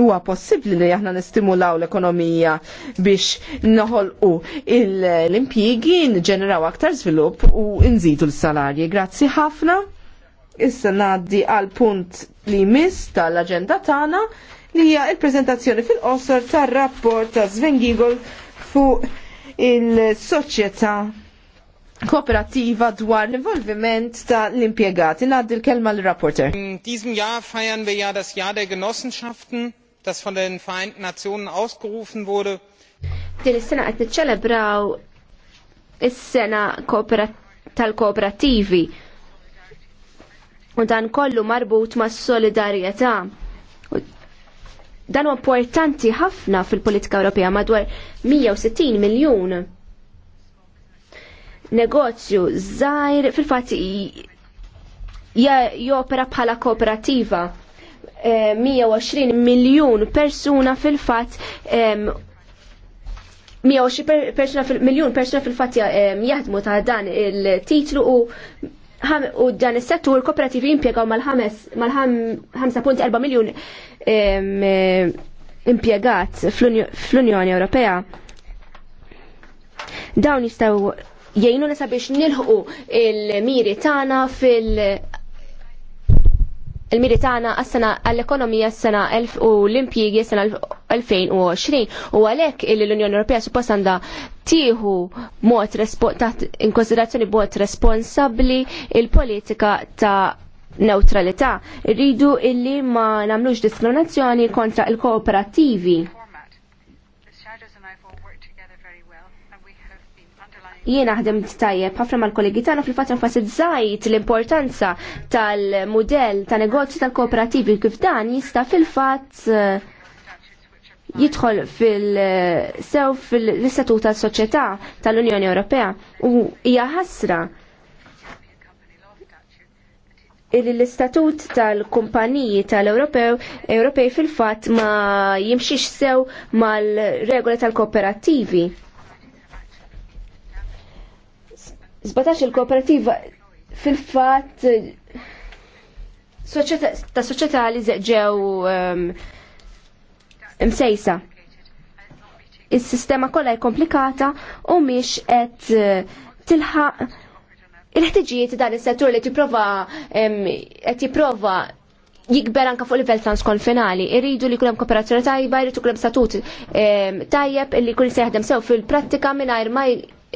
huwa possibbli li aħna nistimulaw l-ekonomija biex noħolqu l-impjiegi, nġeneraw aktar żvilupp u nżidu l-salarji. Grazzi ħafna. Issa ngħaddi għal punt li miss tal-aġenda tagħna li hija l-preżentazzjoni fil-qosor tar-rapport ta' Sven Gigol fuq il-soċjetà kooperativa dwar l-involviment ta' l-impiegati. Naddi l-kelma l-rapporter. In diesem Jahr feiern wir ja das Jahr der Genossenschaften das von den Vereinten Nationen ausgerufen wurde. Din is-sena qed niċċelebraw is-sena tal-kooperativi u dan kollu marbut ma' solidarjetà. Dan importanti ħafna fil-politika Ewropea madwar 160 miljun negozju żgħir fil-fatt jopera bħala kooperativa 120 eh, miljun persuna fil-fatt 120 persuna miljun persuna fil-fatt jaħdmu ta' dan il-titlu u u dan is-settur kooperativi impjegaw mal-5.4 miljun eh, impjegat fl-Unjoni Ewropea. Dawn jistgħu jgħinu sabiex biex nilħu il-miri tagħna fil- il-miri tagħna għas-sena għall-ekonomija s-sena u l-impjiegi s-sena 2020 u għalhekk illi l-Unjoni Ewropea suppost għandha tieħu mod taħt inkonsiderazzjoni b'mod responsabbli il-politika ta' neutralità. Rridu illi ma nagħmlux diskriminazzjoni kontra il-kooperattivi. jiena ħdem tajjeb ħafna mal-kollegi tagħna fil-fatt enfasizzajt l-importanza tal-mudell ta' negozju tal-kooperativi kif dan jista' fil-fatt eh, jidħol fil-sew fil-istatut tal-soċjetà tal-Unjoni Ewropea u hija ħasra l-istatut tal-kumpaniji tal-Ewropew Ewropej fil-fatt ma jimxiex sew mal-regoli tal-kooperattivi. Zbatax il-kooperativa fil-fat eh, ta' soċjetà li ġew ehm, msejsa. Is-sistema kollha komplikata u mhix qed eh, tilħa il-ħtiġijiet dan is-settur li tiprofa ehm, qed jipprova jikber anka fuq livell finali Irridu li kulem kooperazzjoni tajba, irridu kulem statut ehm, tajjeb li kull jaħdem sew fil-prattika mingħajr ma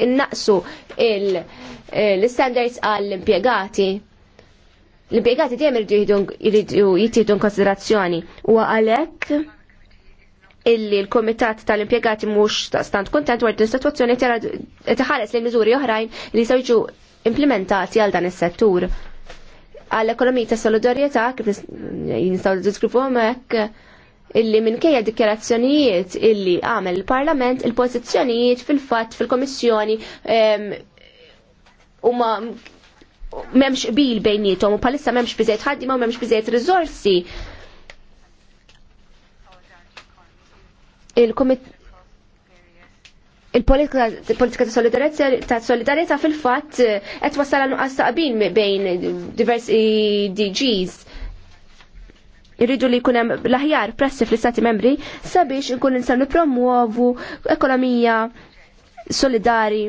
innaqsu eh, l-standards għall-impjegati. L-impjegati dejjem jridu jittieħdu konsiderazzjoni u għalhekk illi l-Komitat tal-Impjegati mhux stant kontent wara din is-sitwazzjoni iħares lejn miżuri oħrajn li jistgħu jiġu implementati għal dan is-settur. Għall-ekonomija ta' solidarjetà kif jinstgħu diskrivu hemmhekk illi minkejja dikjarazzjonijiet illi għamel il-Parlament, il-pożizzjonijiet fil-fatt fil-Komissjoni huma memx bil bejnietom u palissa memx biżejt ħaddima u memx biżejt rizorsi. Il-politika ta' solidarieta fil-fatt eh, qed wasal nuqqas taqbin bejn diversi DGs irridu li jkun hemm l-aħjar pressi fl-istati membri sabiex nkun nistgħu nippromuovu ekonomija solidari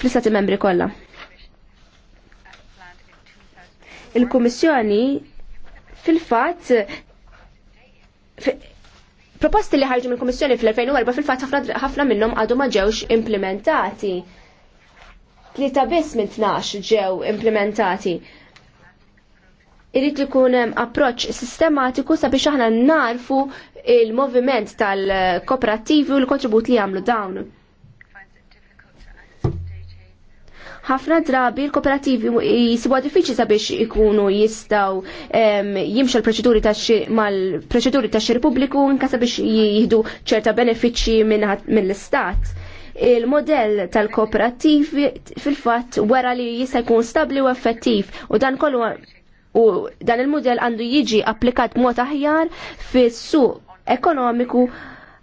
fl-istati membri kollha. Il-Kummissjoni fil-fatt proposti li ħarġu mill-Kummissjoni fl-2004 fil-fatt ħafna minnhom għadu ma ġewx implementati. Tlieta biss minn 12 ġew implementati irrit li kunem approċ approċċ sistematiku sabiex aħna narfu il-moviment tal-kooperativi u l-kontribut li jagħmlu dawn. ħafna drabi l-kooperativi jisibu diffiċli sabiex ikunu jistaw jimxu l-proċeduri mal-proċeduri ta' xir pubbliku inka sabiex jihdu ċerta benefiċċji mill-istat. Il-modell tal-kooperativi fil-fatt wara li jista' jkun stabli u effettiv u dan kollu U dan il model għandu jiġi applikat mod aħjar fis-suq ekonomiku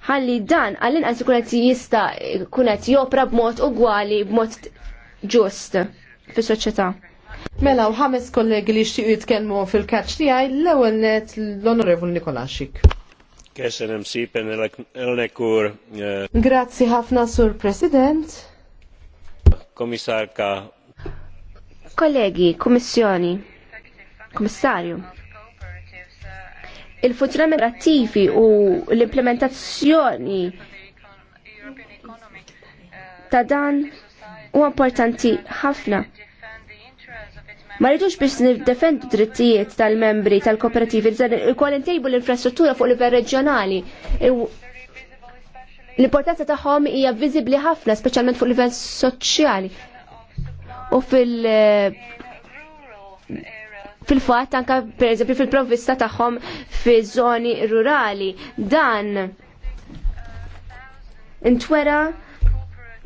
ħalli dan għall-inqas ikun qed jista' jkun qed jopra b'mod ugwali b'mod ġust fis-soċjetà. Mela u ħames kollegi li xtiqu jitkellmu fil-kaċ għaj l-ewwel net l-Onorevol Nikolaxik. Kesenem sipen l-nekur. Eh, Grazzi ħafna sur President. Komisarka. Kollegi, komissjoni. Kummissarju. Il-funzjonament rattifi u l-implementazzjoni ta' dan u importanti ħafna. Ma rridux biex nifdefendu drittijiet tal-membri tal-kooperativi, ikoll ntejbu l-infrastruttura fuq livell reġjonali. L-importanza tagħhom hija viżibbli ħafna, speċjalment fuq livell soċjali. U fil- fil-fatt anka pereżempju fil-provvista tagħhom fi żoni rurali. Dan intwera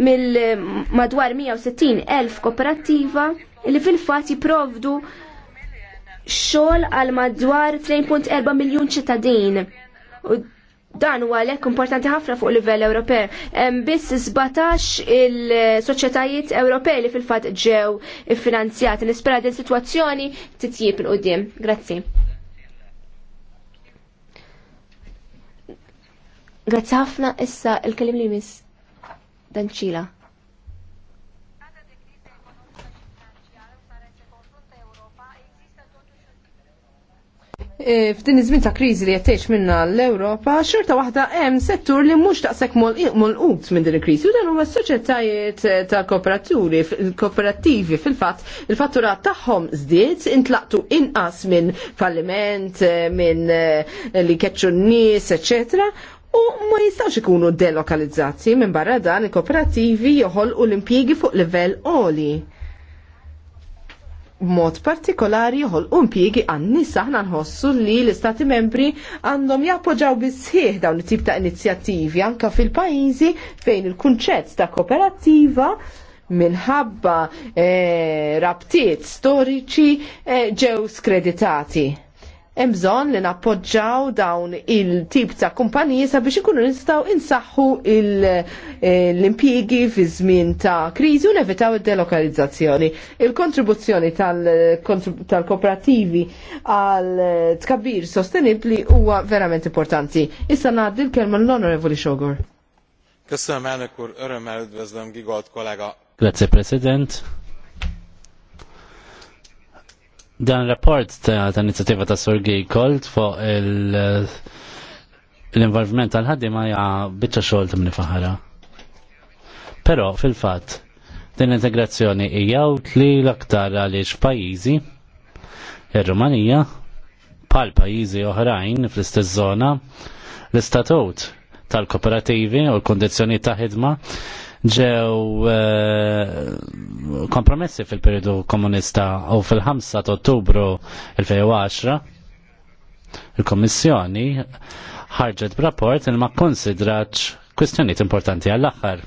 mill-madwar 160 elf kooperattiva li fil-fatt jiprovdu xogħol għal madwar 3.4 miljun ċittadin. Dan huwa għalhekk importanti ħafna fuq livell Ewropew. Hemm biss 17 il-soċjetajiet Ewropej li fil-fatt ġew iffinanzjati. Nispera din sitwazzjoni titjib il qudiem Grazzi. Grazzi ħafna issa il-kelim li miss Danċila. E, f'din iż-żmien ta' kriżi li jettiex minna l-Ewropa, xorta waħda hemm settur li mhux taqsek qut minn din il-kriżi u dan huma s-soċjetajiet ta' kooperaturi, kooperattivi fil-fatt il-fatturat tagħhom żdied intlaqtu inqas minn falliment, eh, minn eh, li keċċu n-nies, eċetera. U ma jistawx ikunu delokalizzati minn barra dan il-kooperativi joħolqu l-impjiegi fuq livell oli mod partikolari jħol an-nisa aħna nħossu li l-istati membri għandhom jappoġaw bisħieħ dawn it-tip ta' inizjattivi anka fil-pajizi fejn il-kunċett ta' kooperattiva minħabba eh, rabtiet storiċi eh, ġew skreditati hemm bżonn li nappoġġaw dawn il-tip ta' kumpaniji sabiex ikunu nistgħu insaħħu eh, l-impjiegi fi żmien ta' kriżi u nevitaw id-delokalizzazzjoni. Il-kontribuzzjoni tal-kooperativi għal eh, tkabbir sostenibbli huwa verament importanti. Issa ngħaddi l-kelma l-Onorevoli Xogor. Köszönöm, elnök úr, örömmel üdvözlöm Gigolt kollega. Grazie, President Dan rapport ta' inizjativa ta' Sorgi Kolt fuq l-involviment tal ma' hija biċċa xogħol minn faħara. Però fil-fatt din l-integrazzjoni hija li l-aktar għaliex pajjiżi ir-Rumanija bħal pajjiżi oħrajn fl-istess żona l-istatut tal-kooperativi u l kondizjoni ta' ħidma ġew eh, kompromessi fil-periodu komunista u fil-5 ta' ottubru 2010 il komissjoni ħarġet b'rapport il ma konsidraċ kwistjoniet importanti għall-aħħar.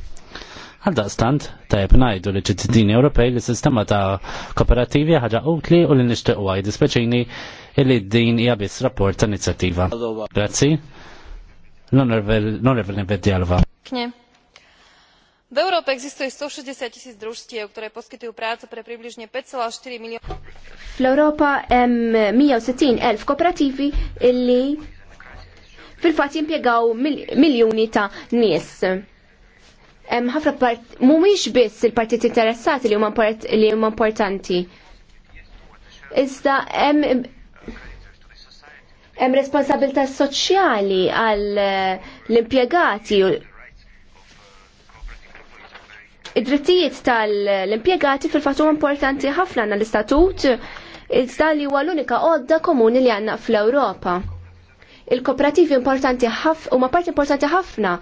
Għaldaqstant, tajb najdu li ċittadini Ewropej li sistema ta' kooperativi ħaġa utli u li nishtiq għaj dispeċini illi din hija biss rapport ta' inizjattiva. Grazzi. L-onorvel Nebedjalva. Knie. V Európe existuje 160 tisíc družstiev, ktoré poskytujú prácu pre približne 5,4 milióna. V Európa hemm 160 elf kooperativi illi fil-fatt jimpjegaw miljuni ta' nies. Hemm ħafna part mhumiex biss il-partiti interessati li huma importanti. Iżda hemm hemm responsabilità soċjali għall eh, l-impjegati Id-drittijiet tal-impjegati fil-fatu importanti ħafna għanna l-istatut iżda li huwa l-unika għodda komuni li għanna fl-Ewropa. Il-kooperativi importanti ħafna, huma parti importanti ħafna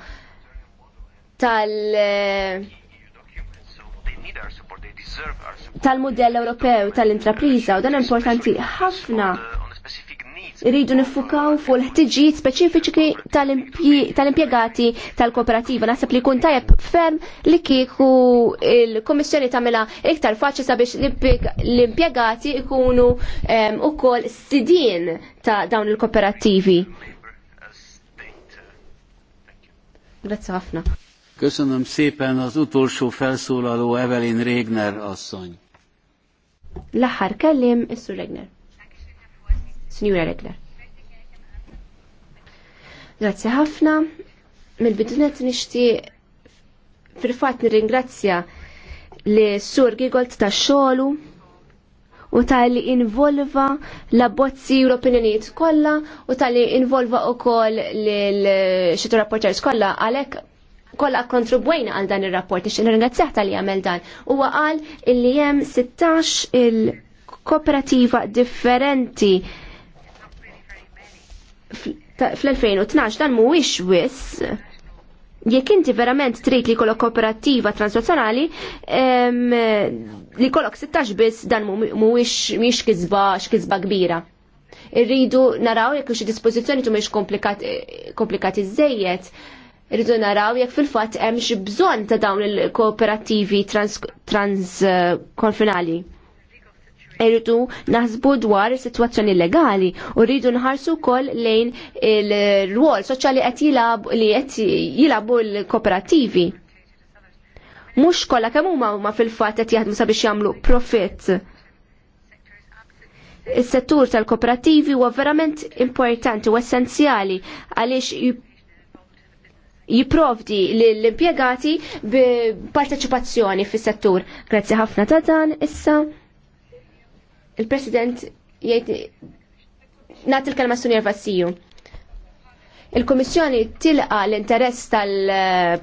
tal- tal-modell Ewropew tal-intrapriża u dan importanti ħafna rridu nifukaw fuq l-ħtiġijiet speċifiċi tal-impjegati tal-kooperativa. Naħseb li kun tajab ferm li kieku il-Komissjoni tagħmilha iktar faċli sabiex l-impjegati ikunu ukoll sidin ta' dawn il-kooperativi. Grazzi ħafna. Köszönöm szépen az utolsó felszólaló Evelyn Régner asszony. L-aħħar kellim is Regner. Signora Regler. Grazzi ħafna. Mill-bidunet nishti fil-fat nirringrazzja li sur Gigolt ta' xolu u ta' li involva la bozzi Europinjoniet l kolla u ta' li involva u koll l-xitu rapporters kolla għalek kolla kontribwejna għal dan il-rapport, ix nir-ingrazzjaħ ta' li għamel dan. U għal il-li jem 16 il-kooperativa differenti fl-2012 dan mhuwiex wiss jekk inti verament trid li kollok kooperattiva transnazzjonali li kollok 16 biss dan mhuwiex mhix kisba x'kisba kbira. Irridu naraw jekk xi dispożizzjoni tumiex komplikati żejjed. Irridu naraw jekk fil-fatt hemm xi bżonn ta' dawn il-kooperattivi transkonfinali. Trans irridu naħsbu dwar is-sitwazzjoni legali u rridu nħarsu wkoll lejn il-rwol soċjali qed jilab li qed jilabu l koperattivi Mhux kollha kemm huma huma fil-fatt qed jaħdmu sabiex jagħmlu profitt. Is-settur tal koperattivi huwa verament importanti u essenzjali għaliex jiprovdi l-impjegati b'parteċipazzjoni parteċipazzjoni fis-settur. Grazzi ħafna ta' dan issa il-President jgħid nagħti il kelma Sunjer Vassiju. Il-Kummissjoni tilqa l-interess tal-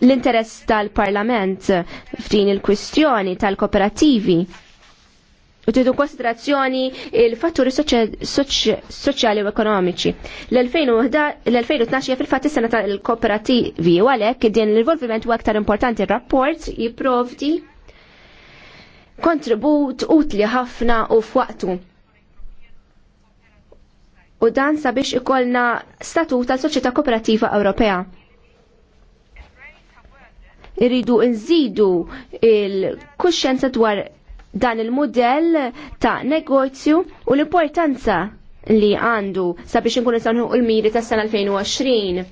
l-interess tal-Parlament f'din il-kwistjoni tal-kooperativi u tidu konsiderazzjoni il-fatturi soċjali u ekonomiċi. L-2012 fil-fat is-sena tal-kooperativi u għalhekk din l-involviment u aktar importanti r-rapport jipprovdi kontribut utli ħafna u f'waqtu. U dan sabiex ikollna statut tal-Soċjetà Kooperativa Ewropea. Irridu nżidu il-kuxjenza dwar dan il-modell ta' negozju u l-importanza li għandu sabiex nkunu sanħu l-miri tas sena 2020.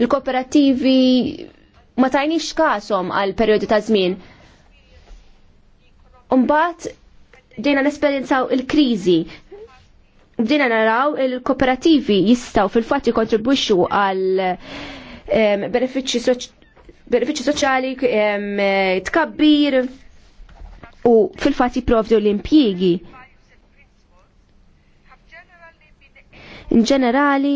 Il-kooperativi ma tajniex kasom għal periodu ta' żmien Umbat dina nesperjenzaw il-kriżi bdejna naraw il-kooperativi jistaw fil-fatt jikontribwixxu għal benefiċċji soċjali tkabbir u fil-fatt jipprovdu l-impjiegi. In ġenerali,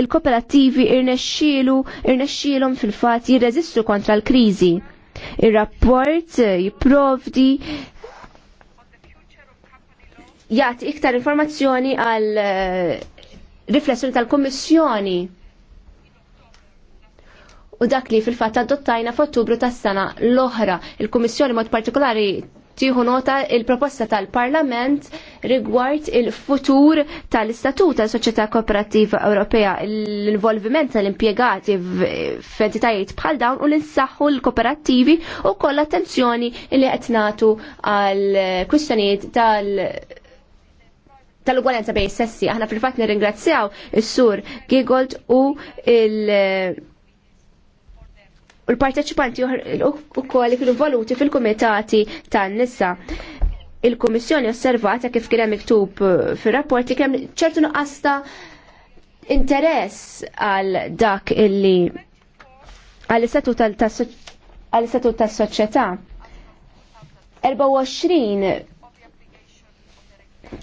il-kooperativi irnexxielu irnexxielhom fil-fatt jirreżistu kontra l-kriżi. Ir-rapport eh, jipprovdi jagħti iktar informazzjoni għal eh, riflessjoni tal-Kummissjoni u dak li fil-fatt adottajna f'Ottubru tas-sena l-oħra. Il-Kummissjoni mod partikolari tieħu nota il-proposta tal-Parlament rigward il-futur tal-istatut tal-Soċjetà Kooperattiva Ewropea, l-involviment tal-impjegati f'entitajiet bħal dawn u l-insaħħu l kooperativi u koll attenzjoni li qed nagħtu għal kwistjonijiet tal- tal-ugwalenza bejn sessi. Aħna fil-fatt nirringrazzjaw is-sur Gigold u il- u l-parteċipanti u koll kienu voluti fil-komitati tan-nisa il-Kummissjoni osservata kif kien hemm miktub uh, fir-rapport li kemm ċertu nuqasta interess għal dak illi għal istatut tal-soċjetà. 24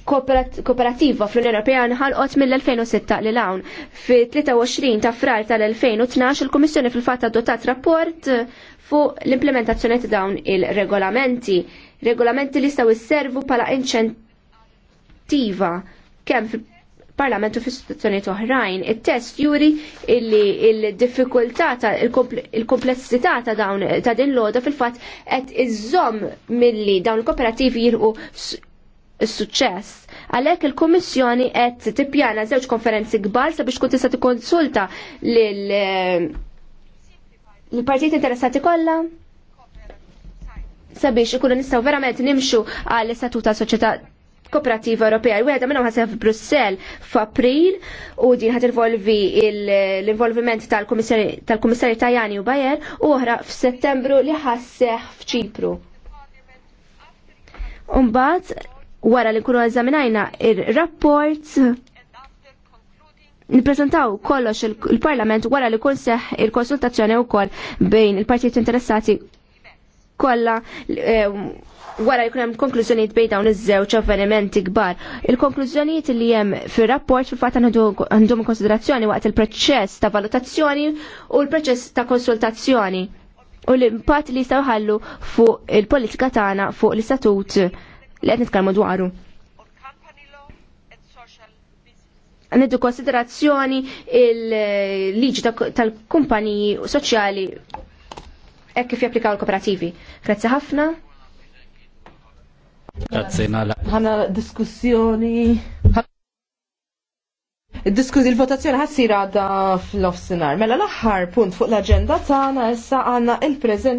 kooperattiva fl-Unjoni Ewropea nħalqot mill-2006 li hawn. Fi 23 ta' frar tal-2012 il-Kummissjoni fil-fatt adottat rapport fuq l-implementazzjoni ta' dawn il-regolamenti. Regolamenti li staw isservu pala inċentiva kemm parlamentu fi istituzzjoni oħrajn. Il-test juri illi il-diffikultà ta' il-komplessità ta' dawn ta' din l-oda fil-fatt qed iżomm milli dawn il-kooperativi jirqu is-suċċess. Għalhekk il-Kummissjoni qed tippjana żewġ konferenzi kbar sabiex tkun tista' tikkonsulta lil eh, l-partijiet interessati kollha sabiex ikunu nistgħu verament nimxu għall istatut ta' soċjetà Kooperativa Ewropea. Wieħed minnhom ħaseb f'Brussell f'April u din ħad involvi l-involviment tal-Kummissarju Tajani u Bajer u oħra f'Settembru li ħasseħ f'Ċipru. Umbagħad wara li kunu eżaminajna il rapport Nipresentaw kollox il-Parlament wara li kull seħ il-konsultazzjoni u koll bejn il-partijiet interessati kollha eh, wara jkun hemm konklużjonijiet bejn dawn iż-żewġ avvenimenti kbar. Il-konklużjonijiet li hemm fir-rapport fil-fatt għandhom konsiderazzjoni waqt il-proċess ta' valutazzjoni u l-proċess ta' konsultazzjoni u l-impatt li jistgħu ħallu fuq il-politika tagħna fuq l-istatut li qed nitkellmu dwaru. Għandu konsiderazzjoni il-liġi tal-kumpaniji soċjali e kif japplikaw l-kooperativi. Grazzi ħafna. Grazzi nala. Ħana diskussjoni. Diskużi il votazzjoni ħassira għadha fl-offsinar. Mela l-aħħar punt fuq l-aġenda tagħna issa għandna il-preżent